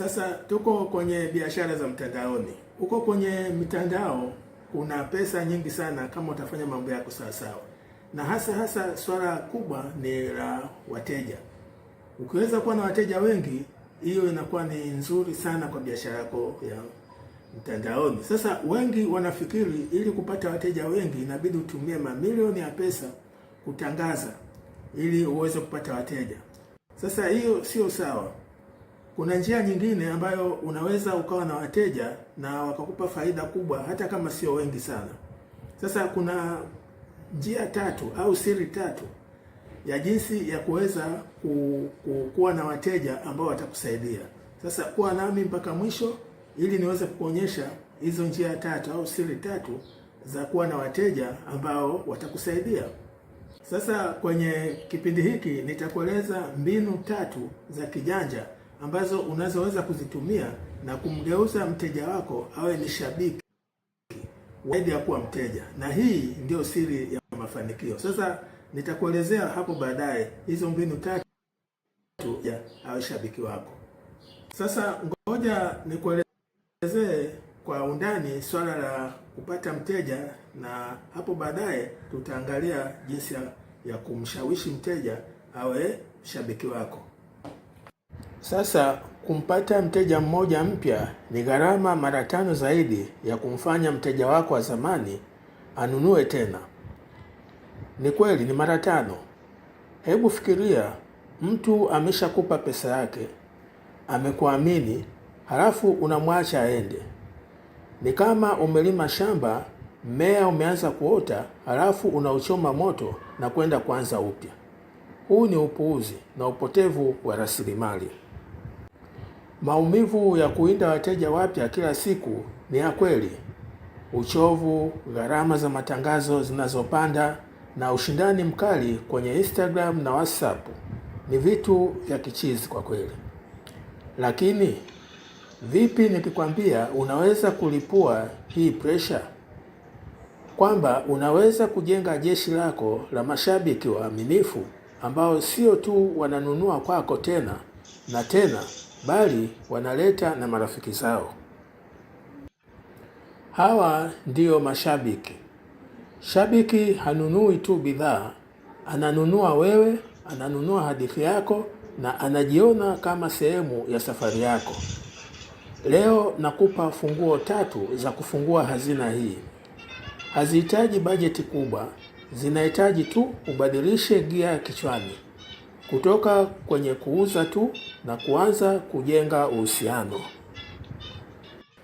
Sasa tuko kwenye biashara za mtandaoni. Huko kwenye mitandao kuna pesa nyingi sana kama utafanya mambo yako sawasawa, na hasa hasa swala kubwa ni la wateja. Ukiweza kuwa na wateja wengi, hiyo inakuwa ni nzuri sana kwa biashara yako ya mtandaoni. Sasa wengi wanafikiri ili kupata wateja wengi inabidi utumie mamilioni ya pesa kutangaza ili uweze kupata wateja. Sasa hiyo sio sawa. Kuna njia nyingine ambayo unaweza ukawa na wateja na wakakupa faida kubwa hata kama sio wengi sana. Sasa kuna njia tatu au siri tatu ya jinsi ya kuweza ku, ku, kuwa na wateja ambao watakusaidia. Sasa kuwa nami mpaka mwisho ili niweze kukuonyesha hizo njia tatu au siri tatu za kuwa na wateja ambao watakusaidia. Sasa kwenye kipindi hiki nitakueleza mbinu tatu za kijanja ambazo unazoweza kuzitumia na kumgeuza mteja wako awe ni shabiki zaidi ya kuwa mteja, na hii ndiyo siri ya mafanikio. Sasa nitakuelezea hapo baadaye hizo mbinu tatu ya awe shabiki wako. Sasa ngoja nikuelezee kwa undani swala la kupata mteja, na hapo baadaye tutaangalia jinsi ya kumshawishi mteja awe shabiki wako. Sasa kumpata mteja mmoja mpya ni gharama mara tano zaidi ya kumfanya mteja wako wa zamani anunue tena. Ni kweli, ni mara tano. Hebu fikiria, mtu ameshakupa pesa yake, amekuamini, halafu unamwacha aende. Ni kama umelima shamba, mmea umeanza kuota, halafu unauchoma moto na kwenda kuanza upya. Huu ni upuuzi na upotevu wa rasilimali. Maumivu ya kuinda wateja wapya kila siku ni ya kweli. Uchovu, gharama za matangazo zinazopanda na ushindani mkali kwenye Instagram na WhatsApp ni vitu vya kichizi kwa kweli. Lakini vipi nikikwambia unaweza kulipua hii pressure? Kwamba unaweza kujenga jeshi lako la mashabiki waaminifu ambao sio tu wananunua kwako tena na tena bali wanaleta na marafiki zao. Hawa ndiyo mashabiki. Shabiki hanunui tu bidhaa, ananunua wewe, ananunua hadithi yako na anajiona kama sehemu ya safari yako. Leo nakupa funguo tatu za kufungua hazina hii. Hazihitaji bajeti kubwa, zinahitaji tu ubadilishe gia kichwani kutoka kwenye kuuza tu na kuanza kujenga uhusiano.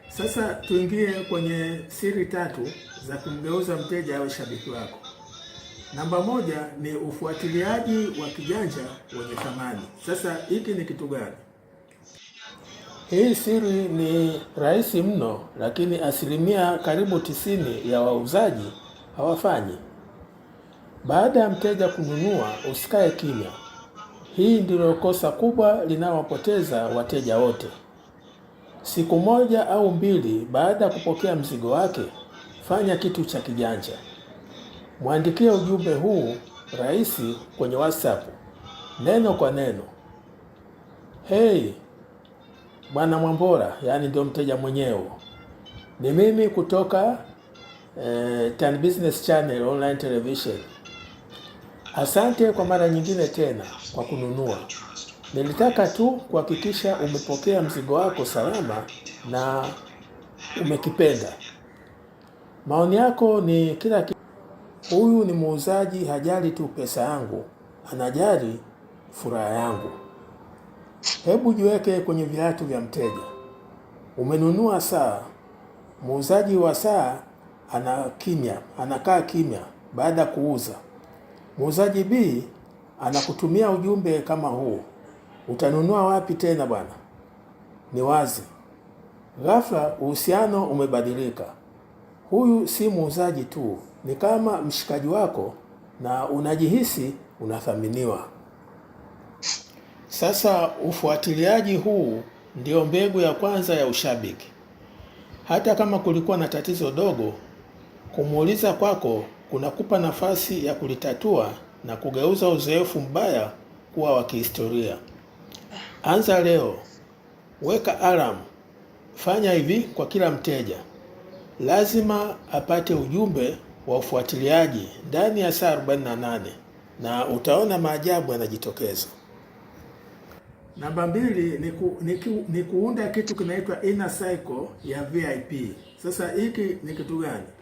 Sasa tuingie kwenye siri tatu za kumgeuza mteja awe shabiki wako. Namba moja ni ufuatiliaji wa kijanja wenye thamani. Sasa hiki ni kitu gani? Hii siri ni rahisi mno, lakini asilimia karibu tisini ya wauzaji hawafanyi. Baada ya mteja kununua, usikae kimya. Hii ndilo kosa kubwa linalowapoteza wateja wote. Siku moja au mbili baada ya kupokea mzigo wake, fanya kitu cha kijanja. Mwandikie ujumbe huu rahisi kwenye WhatsApp neno kwa neno. Hei bwana Mwambola, yaani ndio mteja mwenyewe, ni mimi kutoka eh, Tan Business Channel Online Television. Asante kwa mara nyingine tena kwa kununua. Nilitaka tu kuhakikisha umepokea mzigo wako salama na umekipenda. Maoni yako ni kila kitu. Huyu ni muuzaji, hajali tu pesa yangu, anajali furaha yangu. Hebu jiweke kwenye viatu vya mteja. Umenunua saa, muuzaji wa saa ana kimya, anakaa kimya baada ya kuuza. Muuzaji B anakutumia ujumbe kama huu, utanunua wapi tena bwana? Ni wazi, ghafla uhusiano umebadilika. Huyu si muuzaji tu, ni kama mshikaji wako, na unajihisi unathaminiwa. Sasa ufuatiliaji huu ndiyo mbegu ya kwanza ya ushabiki. Hata kama kulikuwa na tatizo dogo, kumuuliza kwako kunakupa nafasi ya kulitatua na kugeuza uzoefu mbaya kuwa wa kihistoria. Anza leo, weka alamu, fanya hivi kwa kila mteja. Lazima apate ujumbe wa ufuatiliaji ndani ya saa 48 na utaona maajabu yanajitokeza. Namba mbili ni, ku, ni, ku, ni kuunda kitu kinaitwa inner circle ya VIP. Sasa hiki ni kitu gani?